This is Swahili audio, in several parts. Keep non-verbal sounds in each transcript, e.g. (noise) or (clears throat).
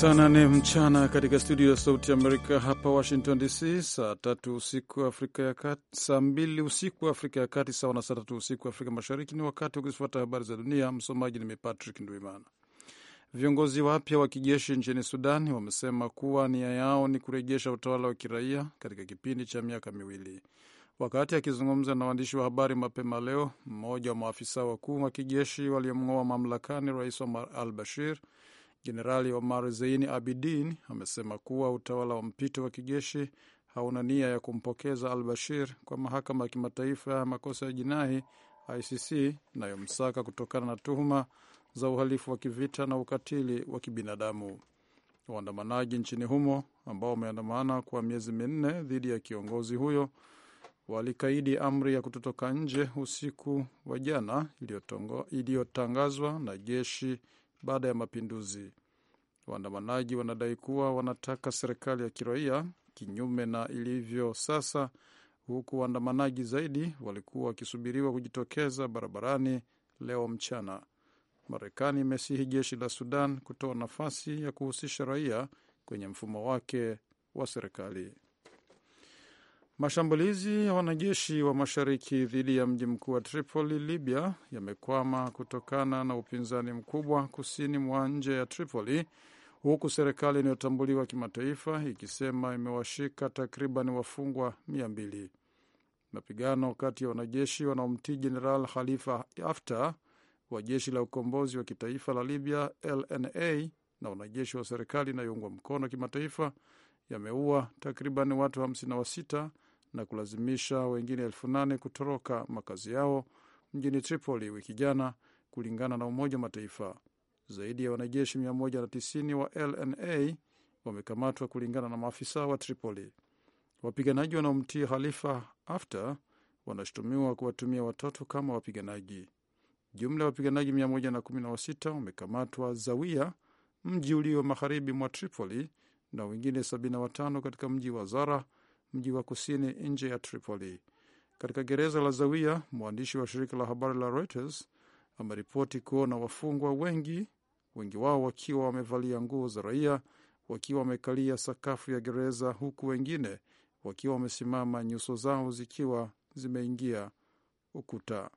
Saa nane mchana katika studio ya Sauti Amerika hapa Washington DC, saa tatu usiku Afrika ya Kati, saa mbili usiku Afrika ya Kati sawa na saa tatu usiku Afrika Mashariki. Ni wakati wa kuzifuata habari za dunia. Msomaji ni Patrick Ndwimana. Viongozi wapya wa kijeshi nchini Sudan wamesema kuwa nia yao ni kurejesha utawala wa kiraia katika kipindi cha miaka miwili. Wakati akizungumza na waandishi wa habari mapema leo, mmoja wa maafisa wakuu wa kijeshi waliomng'oa mamlakani rais Omar al Bashir Jenerali Omar zein Abidin amesema kuwa utawala wa mpito wa kijeshi hauna nia ya kumpokeza Al Bashir kwa mahakama ya kimataifa ya makosa ya jinai ICC inayomsaka kutokana na tuhuma za uhalifu wa kivita na ukatili wa kibinadamu. Waandamanaji nchini humo ambao wameandamana kwa miezi minne dhidi ya kiongozi huyo walikaidi amri ya kutotoka nje usiku wa jana iliyotangazwa na jeshi baada ya mapinduzi. Waandamanaji wanadai kuwa wanataka serikali ya kiraia kinyume na ilivyo sasa, huku waandamanaji zaidi walikuwa wakisubiriwa kujitokeza barabarani leo mchana. Marekani imesihi jeshi la Sudan kutoa nafasi ya kuhusisha raia kwenye mfumo wake wa serikali. Mashambulizi ya wanajeshi wa mashariki dhidi ya mji mkuu wa Tripoli, Libya, yamekwama kutokana na upinzani mkubwa kusini mwa nje ya Tripoli, huku serikali inayotambuliwa kimataifa ikisema imewashika takriban wafungwa mia mbili. Mapigano kati ya wanajeshi wanaomtii Jeneral Khalifa Haftar wa jeshi la ukombozi wa kitaifa la Libya, LNA, na wanajeshi wa serikali inayoungwa mkono kimataifa yameua takriban watu 56 na kulazimisha wengine elfu nane kutoroka makazi yao mjini Tripoli wiki jana, kulingana na Umoja wa Mataifa. Zaidi ya wanajeshi 190 wa LNA wamekamatwa kulingana na maafisa wa Tripoli. Wapiganaji wanaomtii Khalifa Haftar wanashutumiwa kuwatumia watoto kama wapiganaji. Jumla ya wapiganaji 116 wamekamatwa Zawia, mji ulio magharibi mwa Tripoli, na wengine 75 katika mji wa Zara, mji wa kusini nje ya Tripoli. Katika gereza la zawia mwandishi wa shirika la habari la Reuters ameripoti kuona wafungwa wengi, wengi wao wakiwa wamevalia nguo za raia, wakiwa wamekalia sakafu ya gereza, huku wengine wakiwa wamesimama, nyuso zao zikiwa zimeingia ukuta.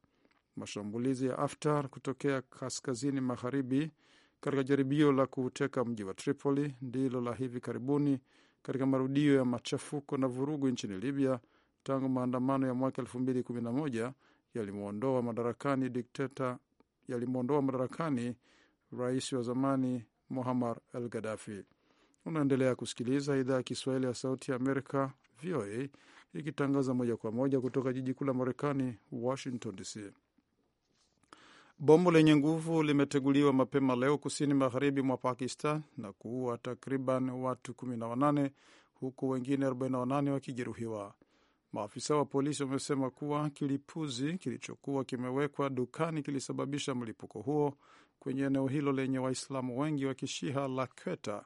Mashambulizi ya Aftar kutokea kaskazini magharibi katika jaribio la kuuteka mji wa Tripoli ndilo la hivi karibuni katika marudio ya machafuko na vurugu nchini Libya tangu maandamano ya mwaka 2011 yalimwondoa madarakani dikteta yalimwondoa madarakani rais wa zamani muhammar al Gaddafi. Unaendelea kusikiliza idhaa ya Kiswahili ya Sauti ya Amerika, VOA, ikitangaza moja kwa moja kutoka jiji kuu la Marekani, Washington DC bombo lenye nguvu limeteguliwa mapema leo kusini magharibi mwa Pakistan na kuua takriban watu 18 huku wengine 48 wakijeruhiwa. Maafisa wa polisi wamesema kuwa kilipuzi kilichokuwa kimewekwa dukani kilisababisha mlipuko huo kwenye eneo hilo lenye Waislamu wengi wa kishiha la Kweta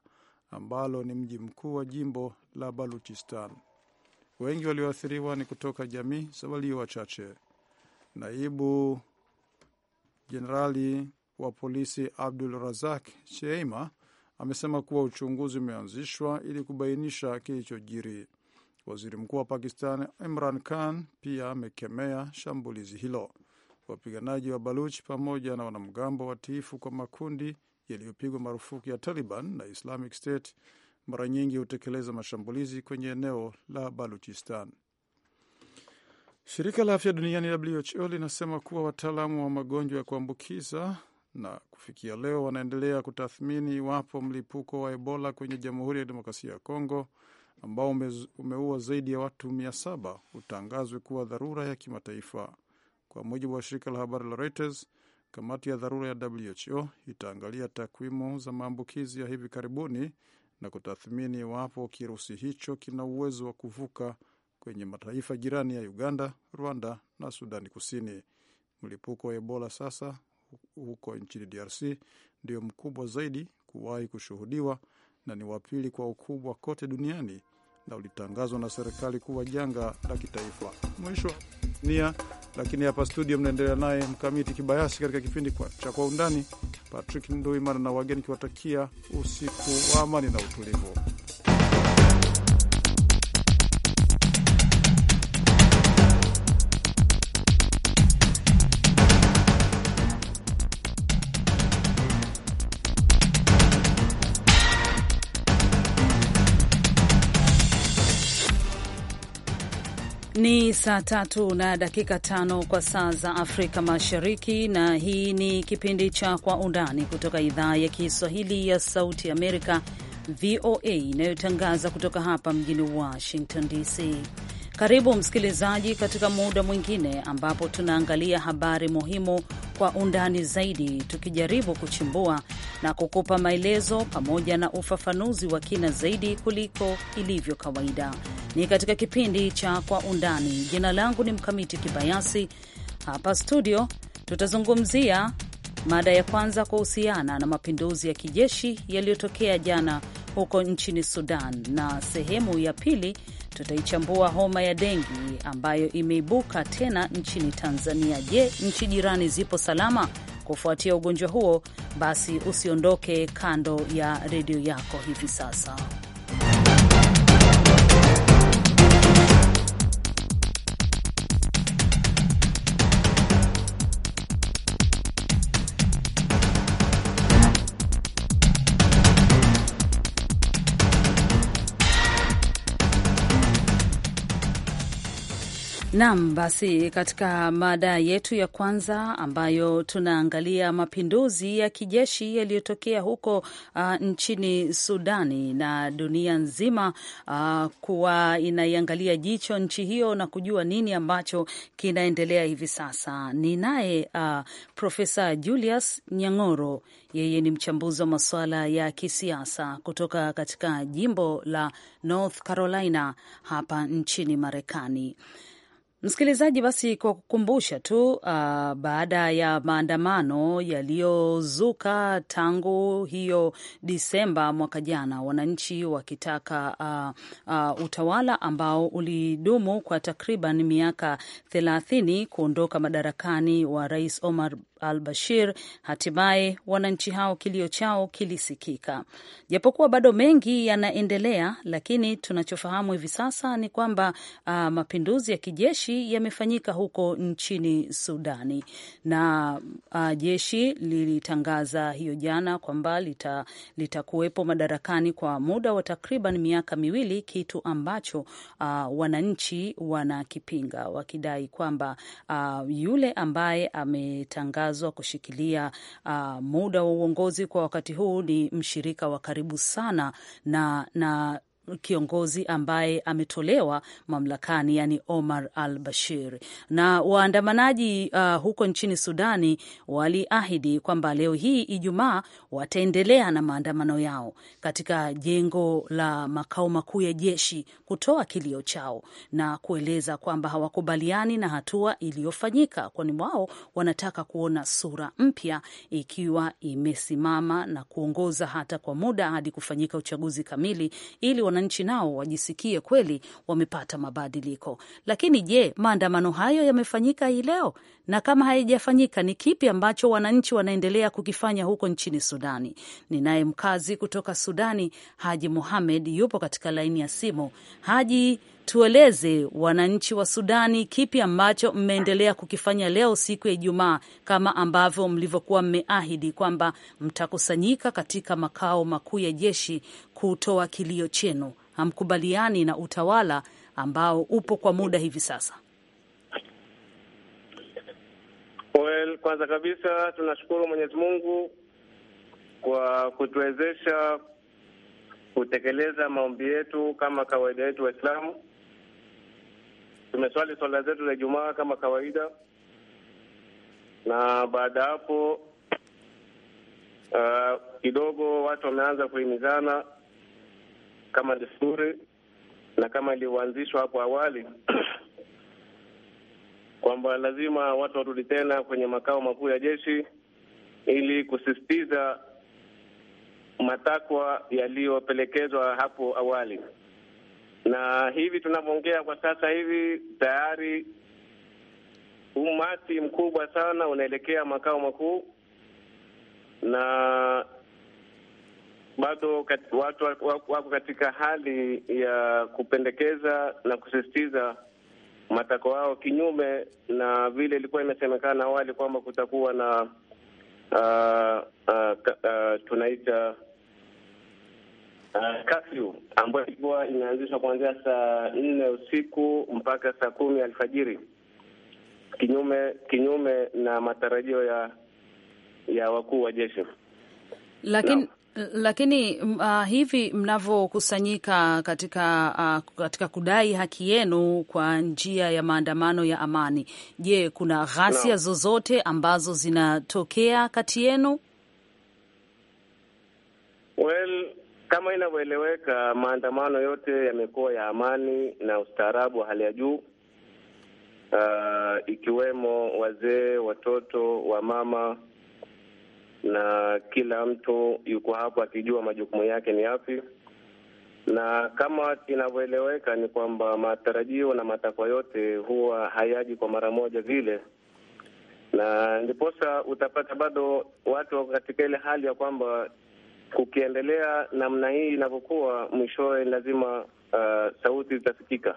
ambalo ni mji mkuu wa jimbo la Baluchistan. Wengi walioathiriwa ni kutoka jamii za walio wachache. Naibu Jenerali wa polisi Abdul Razak Sheima amesema kuwa uchunguzi umeanzishwa ili kubainisha kilichojiri. Waziri mkuu wa Pakistan Imran Khan pia amekemea shambulizi hilo. Wapiganaji wa Baluch pamoja na wanamgambo watiifu kwa makundi yaliyopigwa marufuku ya Taliban na Islamic State mara nyingi hutekeleza mashambulizi kwenye eneo la Baluchistan. Shirika la afya duniani WHO linasema kuwa wataalamu wa magonjwa ya kuambukiza na kufikia leo wanaendelea kutathmini iwapo mlipuko wa Ebola kwenye Jamhuri ya Demokrasia ya Kongo ambao umeua zaidi ya watu saba utangazwe kuwa dharura ya kimataifa. Kwa mujibu wa shirika la habari la Reuters, kamati ya dharura ya WHO itaangalia takwimu za maambukizi ya hivi karibuni na kutathmini iwapo kirusi hicho kina uwezo wa kuvuka kwenye mataifa jirani ya Uganda, Rwanda na Sudani Kusini. Mlipuko wa Ebola sasa huko nchini DRC ndio mkubwa zaidi kuwahi kushuhudiwa na ni wa pili kwa ukubwa kote duniani na ulitangazwa na serikali kuwa janga la kitaifa. Mwisho nia, lakini hapa studio mnaendelea naye Mkamiti Kibayasi katika kipindi cha Kwa Undani. Patrick Nduimana na wageni kiwatakia usiku wa amani na utulivu. Ni saa tatu na dakika tano kwa saa za Afrika Mashariki, na hii ni kipindi cha Kwa Undani kutoka idhaa ya Kiswahili ya Sauti Amerika, VOA, inayotangaza kutoka hapa mjini Washington DC. Karibu msikilizaji, katika muda mwingine ambapo tunaangalia habari muhimu kwa undani zaidi, tukijaribu kuchimbua na kukupa maelezo pamoja na ufafanuzi wa kina zaidi kuliko ilivyo kawaida. Ni katika kipindi cha Kwa Undani. Jina langu ni Mkamiti Kibayasi. Hapa studio tutazungumzia mada ya kwanza kuhusiana na mapinduzi ya kijeshi yaliyotokea jana huko nchini Sudan, na sehemu ya pili tutaichambua homa ya dengi ambayo imeibuka tena nchini Tanzania. Je, nchi jirani zipo salama? kufuatia ugonjwa huo, basi usiondoke kando ya redio yako hivi sasa. Naam, basi katika mada yetu ya kwanza ambayo tunaangalia mapinduzi ya kijeshi yaliyotokea huko uh, nchini Sudani na dunia nzima uh, kuwa inaiangalia jicho nchi hiyo na kujua nini ambacho kinaendelea hivi sasa. Ni naye uh, Profesa Julius Nyang'oro, yeye ni mchambuzi wa masuala ya kisiasa kutoka katika jimbo la North Carolina hapa nchini Marekani. Msikilizaji, basi kwa kukumbusha tu uh, baada ya maandamano yaliyozuka tangu hiyo Disemba mwaka jana, wananchi wakitaka uh, uh, utawala ambao ulidumu kwa takriban miaka thelathini kuondoka madarakani wa Rais Omar al Bashir, hatimaye wananchi hao kilio chao kilisikika. Japokuwa bado mengi yanaendelea, lakini tunachofahamu hivi sasa ni kwamba uh, mapinduzi ya kijeshi yamefanyika huko nchini Sudani na uh, jeshi lilitangaza hiyo jana kwamba litakuwepo lita madarakani kwa muda wa takriban miaka miwili, kitu ambacho uh, wananchi wanakipinga wakidai kwamba uh, yule ambaye ametangaza ambazo kushikilia uh, muda wa uongozi kwa wakati huu ni mshirika wa karibu sana na, na kiongozi ambaye ametolewa mamlakani, yani Omar al Bashir. Na waandamanaji uh, huko nchini Sudani waliahidi kwamba leo hii Ijumaa wataendelea na maandamano yao katika jengo la makao makuu ya jeshi kutoa kilio chao na kueleza kwamba hawakubaliani na hatua iliyofanyika, kwani wao wanataka kuona sura mpya ikiwa imesimama na kuongoza hata kwa muda hadi kufanyika uchaguzi kamili ili wananchi nao wajisikie kweli wamepata mabadiliko. Lakini je, maandamano hayo yamefanyika hii leo? Na kama haijafanyika, ni kipi ambacho wananchi wanaendelea kukifanya huko nchini Sudani? Ninaye mkazi kutoka Sudani, Haji muhamed yupo katika laini ya simu. Haji, tueleze wananchi wa Sudani kipi ambacho mmeendelea kukifanya leo siku ya Ijumaa, kama ambavyo mlivyokuwa mmeahidi kwamba mtakusanyika katika makao makuu ya jeshi kutoa kilio chenu. Hamkubaliani na utawala ambao upo kwa muda hivi sasa. Well, kwanza kabisa tunashukuru Mwenyezi Mungu kwa kutuwezesha kutekeleza maombi yetu kama kawaida yetu Waislamu. Tumeswali swala zetu za Ijumaa kama kawaida, na baada ya hapo uh, kidogo uh, watu wameanza kuhimizana kama desturi na kama ilivyoanzishwa hapo awali (clears throat) kwamba lazima watu warudi tena kwenye makao makuu ya jeshi ili kusisitiza matakwa yaliyopelekezwa hapo awali, na hivi tunavyoongea kwa sasa hivi tayari umati mkubwa sana unaelekea makao makuu na bado kat, watu wako katika hali ya kupendekeza na kusisitiza matakwa yao, kinyume na vile ilikuwa imesemekana awali kwamba kutakuwa na uh, uh, uh, tunaita kafyu uh, ambayo ilikuwa inaanzishwa kuanzia saa nne usiku mpaka saa kumi alfajiri, kinyume kinyume na matarajio ya ya wakuu wa jeshi lakini no. Lakini mm, uh, hivi mnavyokusanyika katika uh, katika kudai haki yenu kwa njia ya maandamano ya amani, je, kuna ghasia no. zozote ambazo zinatokea kati yenu? Well, kama inavyoeleweka, maandamano yote yamekuwa ya amani na ustaarabu wa hali ya juu, uh, ikiwemo wazee, watoto, wamama na kila mtu yuko hapo akijua majukumu yake ni yapi, na kama inavyoeleweka ni kwamba matarajio na matakwa yote huwa hayaji kwa mara moja vile, na ndiposa utapata bado watu wako katika ile hali ya kwamba kukiendelea namna hii inavyokuwa, mwishowe lazima uh, sauti zitasikika.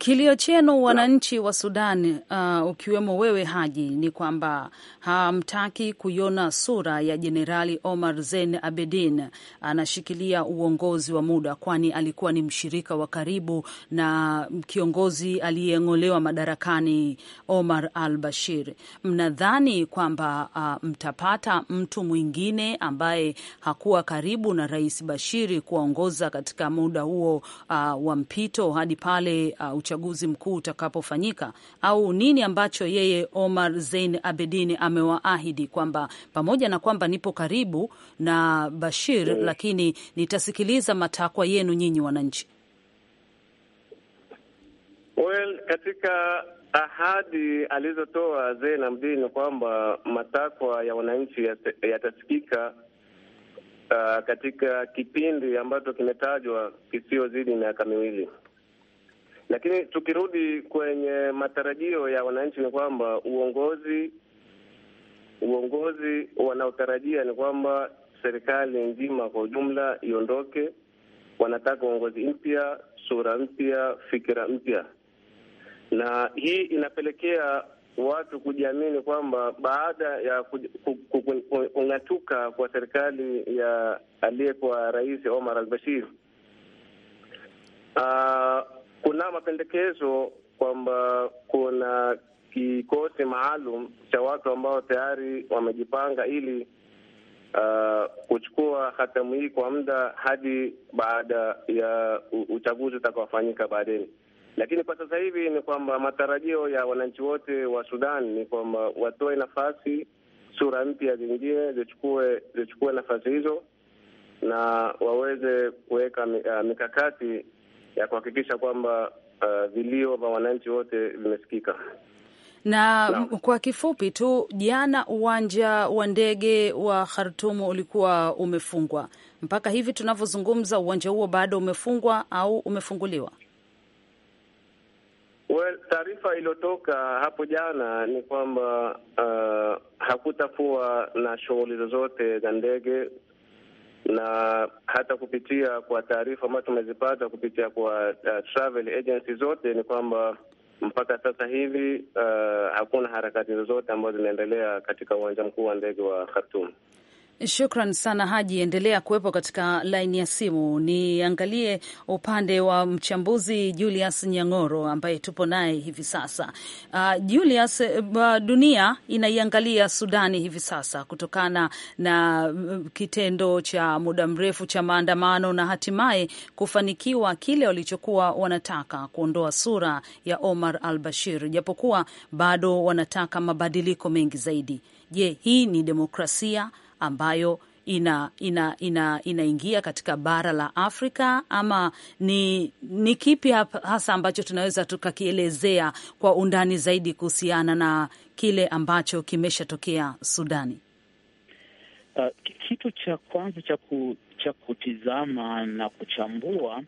Kilio chenu wananchi wa Sudan, uh, ukiwemo wewe Haji, ni kwamba hamtaki kuiona sura ya Jenerali Omar Zein Abedin anashikilia uongozi wa muda, kwani alikuwa ni mshirika wa karibu na kiongozi aliyeng'olewa madarakani Omar al Bashir. Mnadhani kwamba uh, mtapata mtu mwingine ambaye hakuwa karibu na Rais Bashiri kuwaongoza katika muda huo uh, wa mpito hadi pale uh, uchaguzi mkuu utakapofanyika, au nini ambacho yeye Omar Zein Abedin amewaahidi kwamba pamoja na kwamba nipo karibu na Bashir, lakini nitasikiliza matakwa yenu nyinyi wananchi? Well, katika ahadi alizotoa Zein Abedin kwamba matakwa ya wananchi yatasikika Uh, katika kipindi ambacho kimetajwa kisiozidi miaka miwili. Lakini tukirudi kwenye matarajio ya wananchi, ni kwamba uongozi uongozi wanaotarajia ni kwamba serikali nzima kwa ujumla iondoke. Wanataka uongozi mpya, sura mpya, fikira mpya, na hii inapelekea watu kujiamini kwamba baada ya kung'atuka kwa serikali ya aliyekuwa Rais Omar al-Bashir uh, kuna mapendekezo kwamba kuna kikosi maalum cha watu ambao tayari wamejipanga ili uh, kuchukua hatamu hii kwa muda hadi baada ya uchaguzi utakaofanyika baadaye. Lakini kwa sasa hivi ni kwamba matarajio ya wananchi wote wa Sudan ni kwamba watoe nafasi, sura mpya zingine zichukue zichukue nafasi hizo na waweze kuweka uh, mikakati ya kuhakikisha kwamba uh, vilio vya wananchi wote vimesikika na no. Kwa kifupi tu, jana uwanja wa ndege wa Khartoum ulikuwa umefungwa. Mpaka hivi tunavyozungumza, uwanja huo bado umefungwa au umefunguliwa? Well, taarifa iliyotoka hapo jana ni kwamba uh, hakutakuwa na shughuli zozote za ndege na hata kupitia kwa taarifa ambazo tumezipata kupitia kwa uh, travel agency zote ni kwamba mpaka sasa hivi uh, hakuna harakati zozote ambazo zinaendelea katika uwanja mkuu wa ndege wa Khartoum. Shukran sana Haji, endelea kuwepo katika laini ya simu. Niangalie upande wa mchambuzi Julius Nyang'oro ambaye tupo naye hivi sasa. Uh, Julius, uh, dunia inaiangalia Sudani hivi sasa kutokana na mm, kitendo cha muda mrefu cha maandamano na hatimaye kufanikiwa kile walichokuwa wanataka, kuondoa sura ya Omar al Bashir, japokuwa bado wanataka mabadiliko mengi zaidi. Je, hii ni demokrasia ambayo inaingia ina, ina, inaingia katika bara la Afrika ama ni, ni kipi hasa ambacho tunaweza tukakielezea kwa undani zaidi kuhusiana na kile ambacho kimeshatokea Sudani? Uh, kitu cha kwanza cha kutizama na kuchambua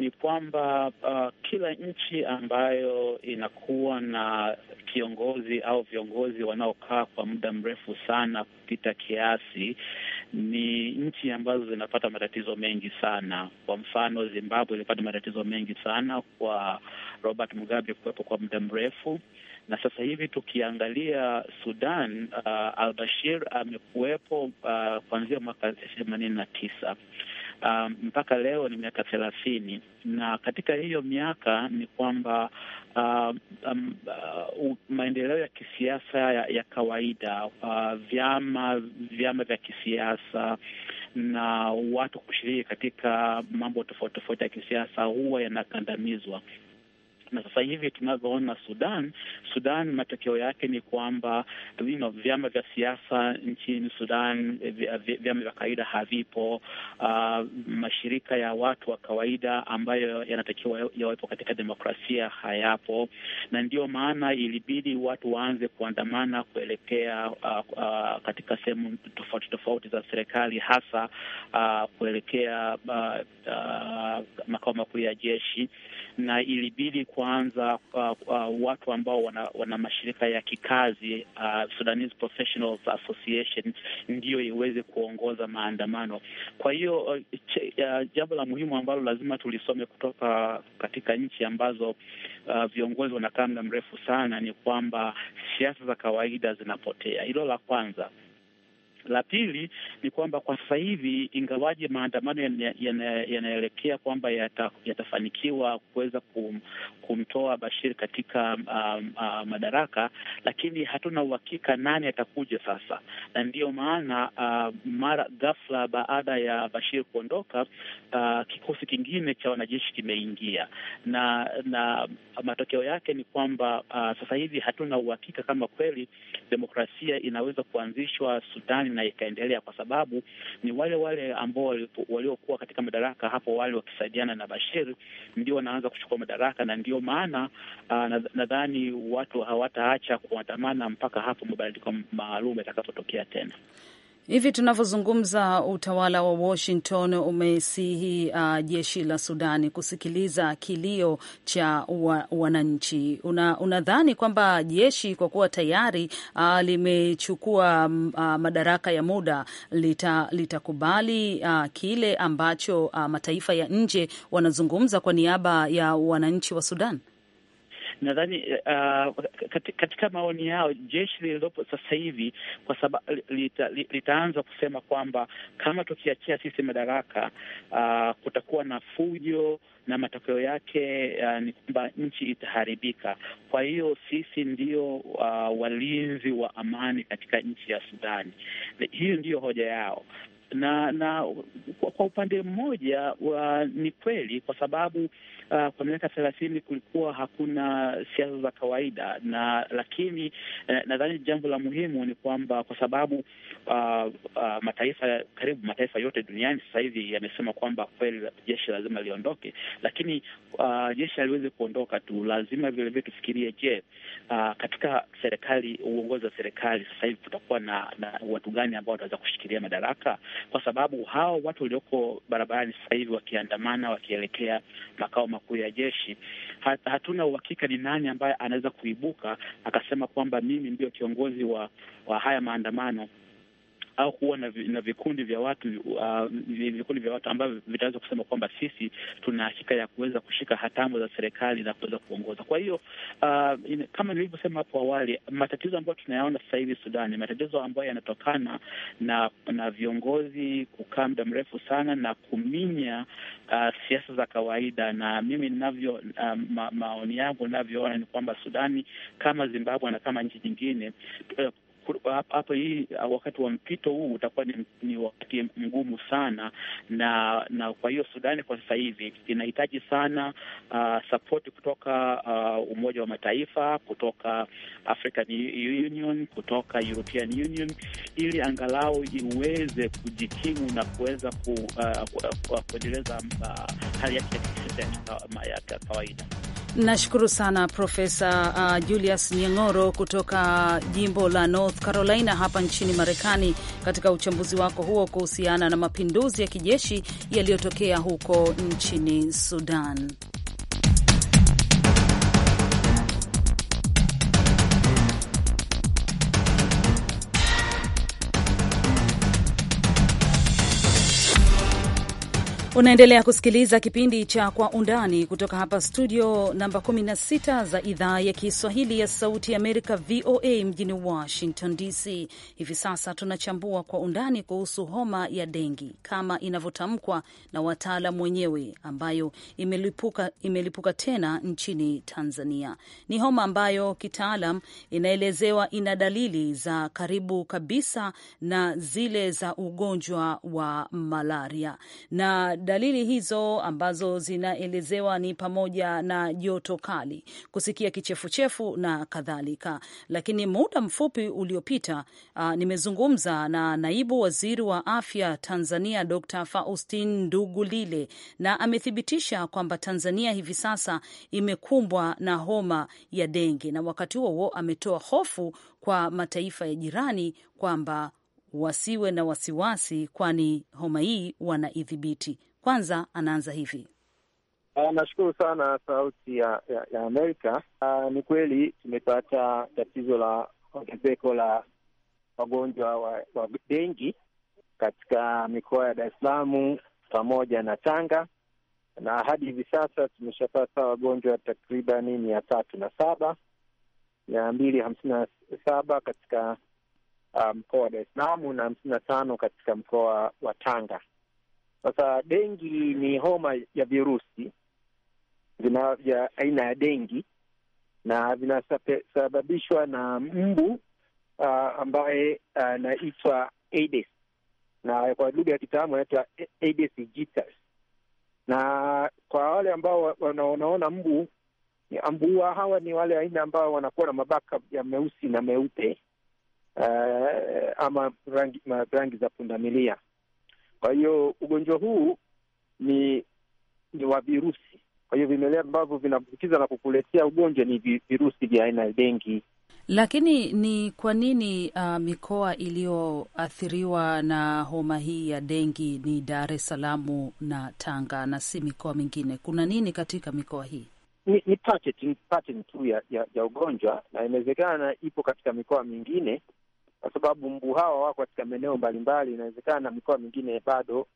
ni kwamba uh, kila nchi ambayo inakuwa na kiongozi au viongozi wanaokaa kwa muda mrefu sana kupita kiasi ni nchi ambazo zinapata matatizo mengi sana. Kwa mfano, Zimbabwe ilipata matatizo mengi sana kwa Robert Mugabe kuwepo kwa muda mrefu na sasa hivi tukiangalia Sudan, uh, bashir amekuwepo uh, kuanzia mwaka themanini na tisa um, mpaka leo ni miaka thelathini, na katika hiyo miaka ni kwamba uh, um, uh, maendeleo ya kisiasa ya, ya kawaida uh, vyama vyama vya kisiasa na watu kushiriki katika mambo tofauti tofauti ya kisiasa huwa yanakandamizwa na sasa hivi tunavyoona Sudan, Sudan matokeo yake ni kwamba you know, vyama vya siasa nchini Sudan, vyama vya kawaida havipo. Uh, mashirika ya watu wa kawaida ambayo yanatakiwa yawepo katika demokrasia hayapo, na ndiyo maana ilibidi watu waanze kuandamana kuelekea uh, uh, katika sehemu tofauti tofauti za serikali hasa uh, kuelekea uh, uh, makao makuu ya jeshi na ilibidi kwanza uh, uh, watu ambao wana, wana mashirika ya kikazi uh, Sudanese Professionals Association ndiyo iweze kuongoza maandamano. Kwa hiyo uh, uh, jambo la muhimu ambalo lazima tulisome kutoka katika nchi ambazo uh, viongozi wanakaa muda mrefu sana ni kwamba siasa za kawaida zinapotea. Hilo la kwanza. La pili ni kwamba kwa sasa hivi, ingawaje maandamano yanaelekea kwamba yatafanikiwa kuweza kum, kumtoa Bashir katika um, uh, madaraka, lakini hatuna uhakika nani atakuja sasa, na ndiyo maana uh, mara ghafla baada ya Bashir kuondoka, uh, kikosi kingine cha wanajeshi kimeingia, na na matokeo yake ni kwamba uh, sasa hivi hatuna uhakika kama kweli demokrasia inaweza kuanzishwa Sudani zamani na ikaendelea, kwa sababu ni wale wale ambao waliokuwa katika madaraka hapo wale wakisaidiana na Bashir ndio wanaanza kuchukua madaraka, na ndio maana uh, nadhani watu hawataacha kuandamana mpaka hapo mabadiliko maalum yatakapotokea tena. Hivi tunavyozungumza, utawala wa Washington umesihi uh, jeshi la Sudani kusikiliza kilio cha wa, wananchi. Unadhani una kwamba jeshi kwa kuwa tayari uh, limechukua mm, uh, madaraka ya muda litakubali lita uh, kile ambacho uh, mataifa ya nje wanazungumza kwa niaba ya wananchi wa Sudan? nadhani uh, katika maoni yao jeshi lililopo sasa hivi kwa sababu lita, litaanza kusema kwamba kama tukiachia sisi madaraka uh, kutakuwa na fujo na matokeo yake uh, ni kwamba nchi itaharibika. Kwa hiyo sisi ndio uh, walinzi wa amani katika nchi ya Sudani. Hiyo ndiyo hoja yao na na kwa upande mmoja wa, ni kweli kwa sababu uh, kwa miaka thelathini kulikuwa hakuna siasa za kawaida na lakini uh, nadhani jambo la muhimu ni kwamba kwa sababu uh, uh, mataifa karibu mataifa yote duniani sasa hivi yamesema kwamba kweli jeshi lazima liondoke, lakini uh, jeshi haliwezi kuondoka tu, lazima vilevile tufikirie, je, uh, katika serikali, uongozi wa serikali sasa hivi kutakuwa na, na watu gani ambao wataweza kushikilia madaraka, kwa sababu hao watu walioko barabarani sasa hivi wakiandamana wakielekea makao makuu ya jeshi. Hatuna uhakika ni nani ambaye anaweza kuibuka akasema kwamba mimi ndio kiongozi wa, wa haya maandamano au kuwa na, na vikundi vya watu uh, vikundi vya watu ambavyo vitaweza kusema kwamba sisi tuna hakika ya kuweza kushika hatamu za serikali na kuweza kuongoza. Kwa hiyo uh, in, kama nilivyosema hapo awali, matatizo ambayo tunayaona sasa hivi Sudani, matatizo ambayo yanatokana na na viongozi kukaa muda mrefu sana na kuminya uh, siasa za kawaida, na mimi ninavyo uh, ma, maoni yangu navyoona ni kwamba Sudani kama Zimbabwe na kama nchi nyingine uh, hapa hii uh, wakati wa mpito huu utakuwa ni, ni wakati mgumu sana, na na kwa hiyo Sudani kwa sasa hivi inahitaji sana uh, sapoti kutoka uh, Umoja wa Mataifa, kutoka African Union, kutoka European Union ili angalau iweze kujikimu na kuweza ku, uh, uh kuendeleza uh, hali yake ya kawaida. Nashukuru sana Profesa uh, Julius Nyang'oro kutoka jimbo la North Carolina hapa nchini Marekani, katika uchambuzi wako huo kuhusiana na mapinduzi ya kijeshi yaliyotokea huko nchini Sudan. Unaendelea kusikiliza kipindi cha Kwa Undani kutoka hapa studio namba 16 za idhaa ya Kiswahili ya Sauti ya Amerika, VOA, mjini Washington DC. Hivi sasa tunachambua kwa undani kuhusu homa ya dengi kama inavyotamkwa na wataalam wenyewe, ambayo imelipuka, imelipuka tena nchini Tanzania. Ni homa ambayo kitaalam inaelezewa ina dalili za karibu kabisa na zile za ugonjwa wa malaria na dalili hizo ambazo zinaelezewa ni pamoja na joto kali, kusikia kichefuchefu na kadhalika. Lakini muda mfupi uliopita uh, nimezungumza na naibu waziri wa afya Tanzania Dr. Faustin Ndugulile na amethibitisha kwamba Tanzania hivi sasa imekumbwa na homa ya denge, na wakati huo huo ametoa hofu kwa mataifa ya jirani kwamba wasiwe na wasiwasi, kwani homa hii wanaidhibiti. Kwanza anaanza hivi. Ah, nashukuru sana Sauti ya, ya, ya Amerika. Ah, ni kweli tumepata tatizo la ongezeko la wagonjwa wa, wa dengi katika mikoa ya Dar es Salaam pamoja na Tanga, na hadi hivi sasa tumeshapata wagonjwa takribani mia tatu na saba mia mbili hamsini na saba katika ah, mkoa wa Dar es Salaam na hamsini na tano katika mkoa wa Tanga. Sasa dengi ni homa ya virusi vina vya aina ya dengi na vinasababishwa na mbu uh, ambaye anaitwa uh, Aedes na kwa lugha ya kitaalamu anaitwa Aedes aegypti. Na kwa wale ambao wanaona mbu, ambua hawa ni wale aina ambao wanakuwa na mabaka ya meusi na meupe uh, ama rangi, rangi za pundamilia kwa hiyo ugonjwa huu ni ni wa virusi. Kwa hiyo vimelea ambavyo vinaambukiza na kukuletea ugonjwa ni virusi vya aina ya dengi. Lakini ni kwa nini uh, mikoa iliyoathiriwa na homa hii ya dengi ni Dar es Salaam na Tanga na si mikoa mingine? Kuna nini katika mikoa hii? Ni, ni pattern tu ya, ya, ya ugonjwa na inawezekana ipo katika mikoa mingine, kwa sababu mbu hawa wako katika maeneo mbalimbali. Inawezekana na mikoa mingine bado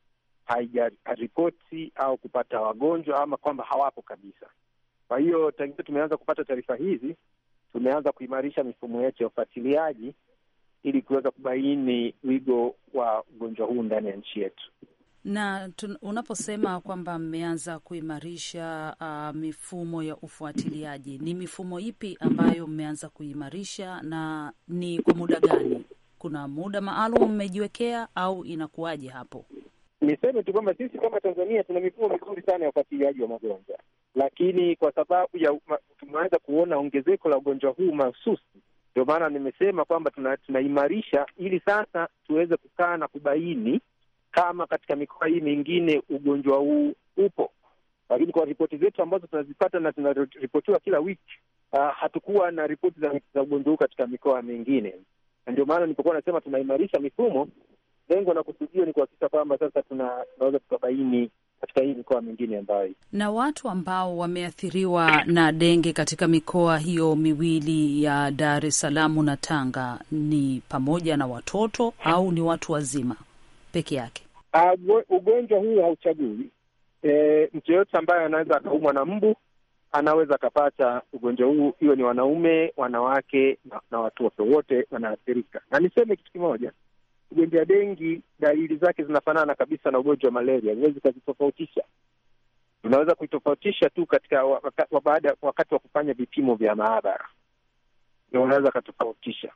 haijaripoti au kupata wagonjwa ama kwamba hawapo kabisa. Kwa hiyo tangia tumeanza kupata taarifa hizi, tumeanza kuimarisha mifumo yetu ya ufuatiliaji ili kuweza kubaini wigo wa ugonjwa huu ndani ya nchi yetu. Na unaposema kwamba mmeanza kuimarisha uh, mifumo ya ufuatiliaji, ni mifumo ipi ambayo mmeanza kuimarisha na ni kwa muda gani? Kuna muda maalum mmejiwekea au inakuwaje hapo? Niseme tu kwamba sisi kama Tanzania tuna mifumo mizuri sana ya ufuatiliaji wa magonjwa, lakini kwa sababu ya tumeanza kuona ongezeko la ugonjwa huu mahususi, ndio maana nimesema kwamba tunaimarisha tuna ili sasa tuweze kukaa na kubaini kama katika mikoa hii mingine ugonjwa huu upo, lakini kwa ripoti zetu ambazo tunazipata na tunaripotiwa kila wiki uh, hatukuwa na ripoti za, za ugonjwa huu katika mikoa mingine, na ndio maana nilipokuwa nasema tunaimarisha mifumo, lengo na kusudio ni kuhakikisha kwamba sasa tuna, tunaweza tukabaini katika hii mikoa mingine ambayo na watu ambao wameathiriwa na denge katika mikoa hiyo miwili ya Dar es Salaam na Tanga ni pamoja na watoto au ni watu wazima peke yake? Ah, ugonjwa huu hauchagui. E, mtu yeyote ambaye anaweza akaumwa na mbu anaweza akapata ugonjwa huu, iwe ni wanaume, wanawake na, na watoto wote wanaathirika. Na niseme kitu kimoja, ugonjwa dengi dalili zake zinafanana kabisa na ugonjwa wa malaria, huwezi ukazitofautisha. Unaweza kuitofautisha tu katika wakati, wakati wa kufanya vipimo vya maabara ndio unaweza akatofautisha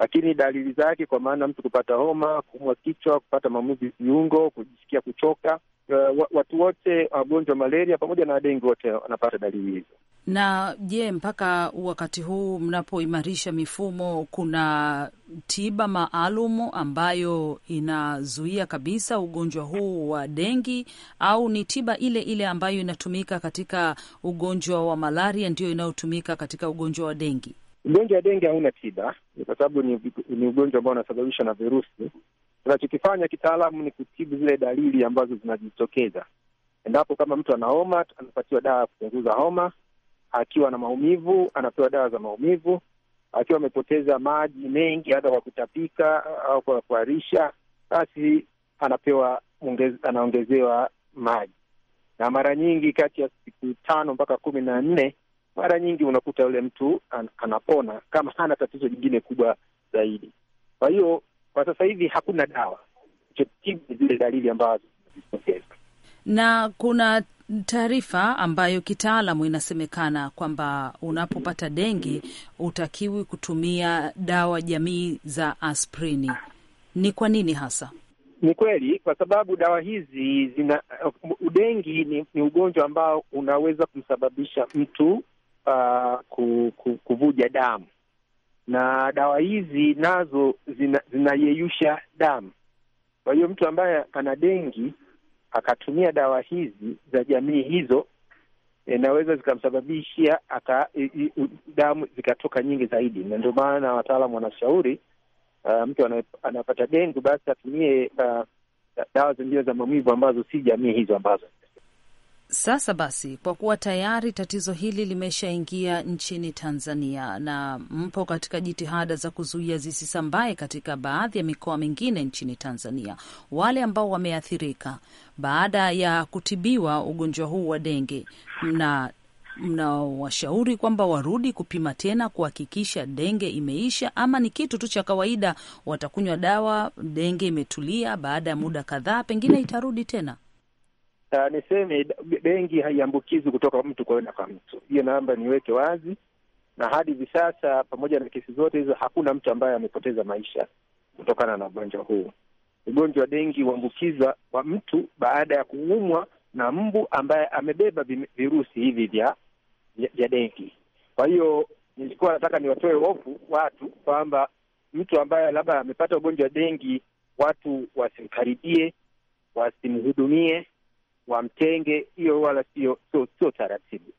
lakini dalili zake kwa maana mtu kupata homa, kuumwa kichwa, kupata maumivu viungo, kujisikia kuchoka, uh, watu wote wagonjwa malaria pamoja na wadengi wote wanapata dalili hizo. Na je, mpaka wakati huu mnapoimarisha mifumo, kuna tiba maalum ambayo inazuia kabisa ugonjwa huu wa dengi, au ni tiba ile ile ambayo inatumika katika ugonjwa wa malaria ndiyo inayotumika katika ugonjwa wa dengi? Ugonjwa wa denge hauna tiba, kwa sababu ni, ni ugonjwa ambao unasababishwa na virusi. Tunachokifanya kitaalamu ni kutibu zile dalili ambazo zinajitokeza. Endapo kama mtu ana homa, anapatiwa dawa ya kupunguza homa. Akiwa na maumivu, anapewa dawa za maumivu. Akiwa amepoteza maji mengi, hata kwa kutapika au kwa kuharisha, basi anapewa anaongezewa maji, na mara nyingi kati ya siku tano mpaka kumi na nne mara nyingi unakuta yule mtu an, anapona kama hana tatizo jingine kubwa zaidi. Kwa hiyo kwa sasa hivi hakuna dawa chotibu zile dalili ambazo na kuna taarifa ambayo kitaalamu inasemekana kwamba unapopata dengi utakiwi kutumia dawa jamii za aspirini. Ni kwa nini hasa? Ni kweli kwa sababu dawa hizi zina udengi ni, ni ugonjwa ambao unaweza kumsababisha mtu uh, ku, kuvuja damu, na dawa hizi nazo zina, zinayeyusha damu. Kwa hiyo mtu ambaye ana dengi akatumia dawa hizi za jamii hizo inaweza eh, zikamsababishia aka damu zikatoka nyingi zaidi, na ndio maana wataalamu wanashauri uh, mtu anapata dengu basi atumie uh, dawa zingine za maumivu ambazo si jamii hizo ambazo sasa basi, kwa kuwa tayari tatizo hili limeshaingia nchini Tanzania na mpo katika jitihada za kuzuia zisisambae katika baadhi ya mikoa mingine nchini Tanzania, wale ambao wameathirika baada ya kutibiwa ugonjwa huu wa denge, na mnawashauri kwamba warudi kupima tena kuhakikisha denge imeisha, ama ni kitu tu cha kawaida, watakunywa dawa, denge imetulia, baada ya muda kadhaa pengine itarudi tena? Uh, niseme benki haiambukizi kutoka mtu kwenda kwa mtu, hiyo namba niweke wazi, na hadi hivi sasa pamoja na kesi zote hizo hakuna mtu ambaye amepoteza maisha kutokana na ugonjwa huu. Ugonjwa wa dengi huambukizwa kwa mtu baada ya kuumwa na mbu ambaye amebeba virusi hivi vya vya dengi. Kwa hiyo nilikuwa nataka niwatoe hofu watu kwamba mtu ambaye labda amepata ugonjwa wa dengi, watu wasimkaribie, wasimhudumie wamtenge. Hiyo wala sio sio taratibu,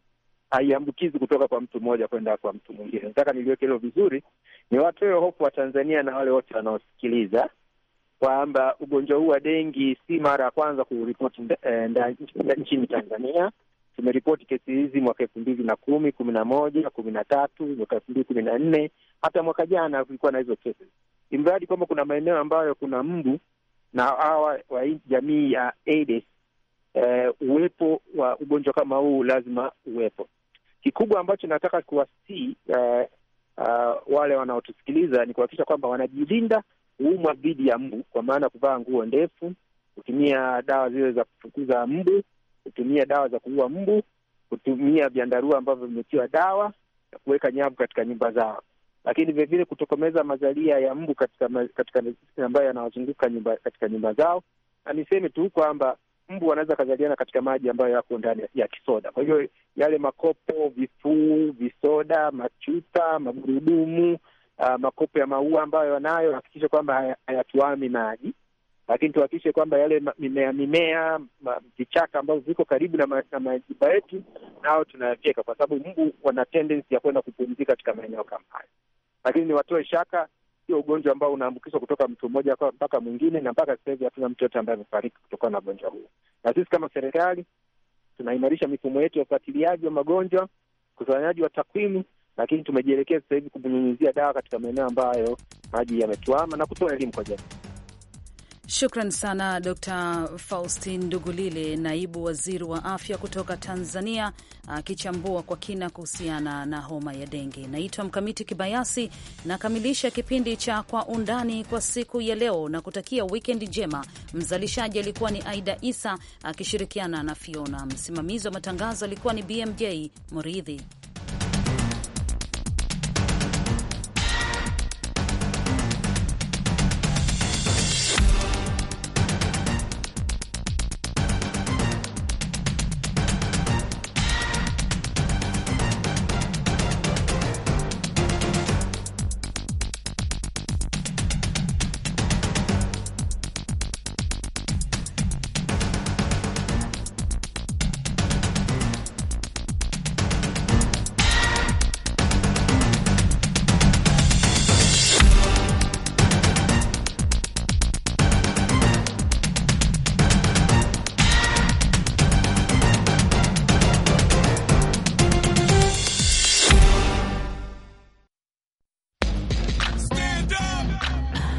haiambukizi kutoka kwa mtu mmoja kwenda kwa mtu mwingine. Nataka niliweke hilo vizuri, ni watoe hofu wa Tanzania na wale wote wanaosikiliza kwamba ugonjwa huu wa dengi si mara ya kwanza kuripoti eh, nchini Tanzania. Tumeripoti kesi hizi mwaka elfu mbili na kumi, kumi na moja, kumi na tatu, mwaka elfu mbili kumi na nne, hata mwaka jana kulikuwa na hizo kesi. Imradi kwamba kuna maeneo ambayo kuna mbu na hawa wa jamii ya Aedes eh, uwepo wa ugonjwa kama huu lazima uwepo. Kikubwa ambacho nataka kuwasii eh, uh, wale wanaotusikiliza ni kuhakikisha kwamba wanajilinda huumwa dhidi ya mbu, kwa maana kuvaa nguo ndefu, kutumia dawa zile za kufukuza mbu, kutumia dawa za kuua mbu, kutumia vyandarua ambavyo vimetiwa dawa na kuweka nyavu katika nyumba zao, lakini vilevile kutokomeza mazalia ya mbu katika, katika ambayo yanawazunguka nyumba, katika nyumba zao, na niseme tu kwamba mbu anaweza akazaliana katika maji ambayo yako ndani ya kisoda. Kwa hiyo yale makopo, vifuu, visoda, machupa, magurudumu, uh, makopo ya maua ambayo yanayo, hakikishe kwamba hayatuami maji, lakini tuhakikishe kwamba yale mimea mimea, vichaka ambavyo viko karibu na majumba yetu, nao tunayafyeka, kwa sababu mbu wana tendensi ya kwenda kupumzika katika maeneo kama hayo, lakini niwatoe shaka sio ugonjwa ambao unaambukizwa kutoka mtu mmoja mpaka mwingine, na mpaka sasa hivi hatuna mtu yote ambaye amefariki kutokana na ugonjwa huu. Na sisi kama serikali tunaimarisha mifumo yetu ya ufuatiliaji wa magonjwa, ukusanyaji wa takwimu, lakini tumejielekea sasa hivi kunyunyizia dawa katika maeneo ambayo maji yametuama na kutoa elimu kwa jamii. Shukran sana Dr Faustin Ndugulile, naibu waziri wa afya kutoka Tanzania, akichambua kwa kina kuhusiana na homa ya denge. Naitwa Mkamiti Kibayasi, nakamilisha kipindi cha Kwa Undani kwa siku ya leo na kutakia wikendi njema. Mzalishaji alikuwa ni Aida Isa akishirikiana na Fiona. Msimamizi wa matangazo alikuwa ni BMJ Muridhi.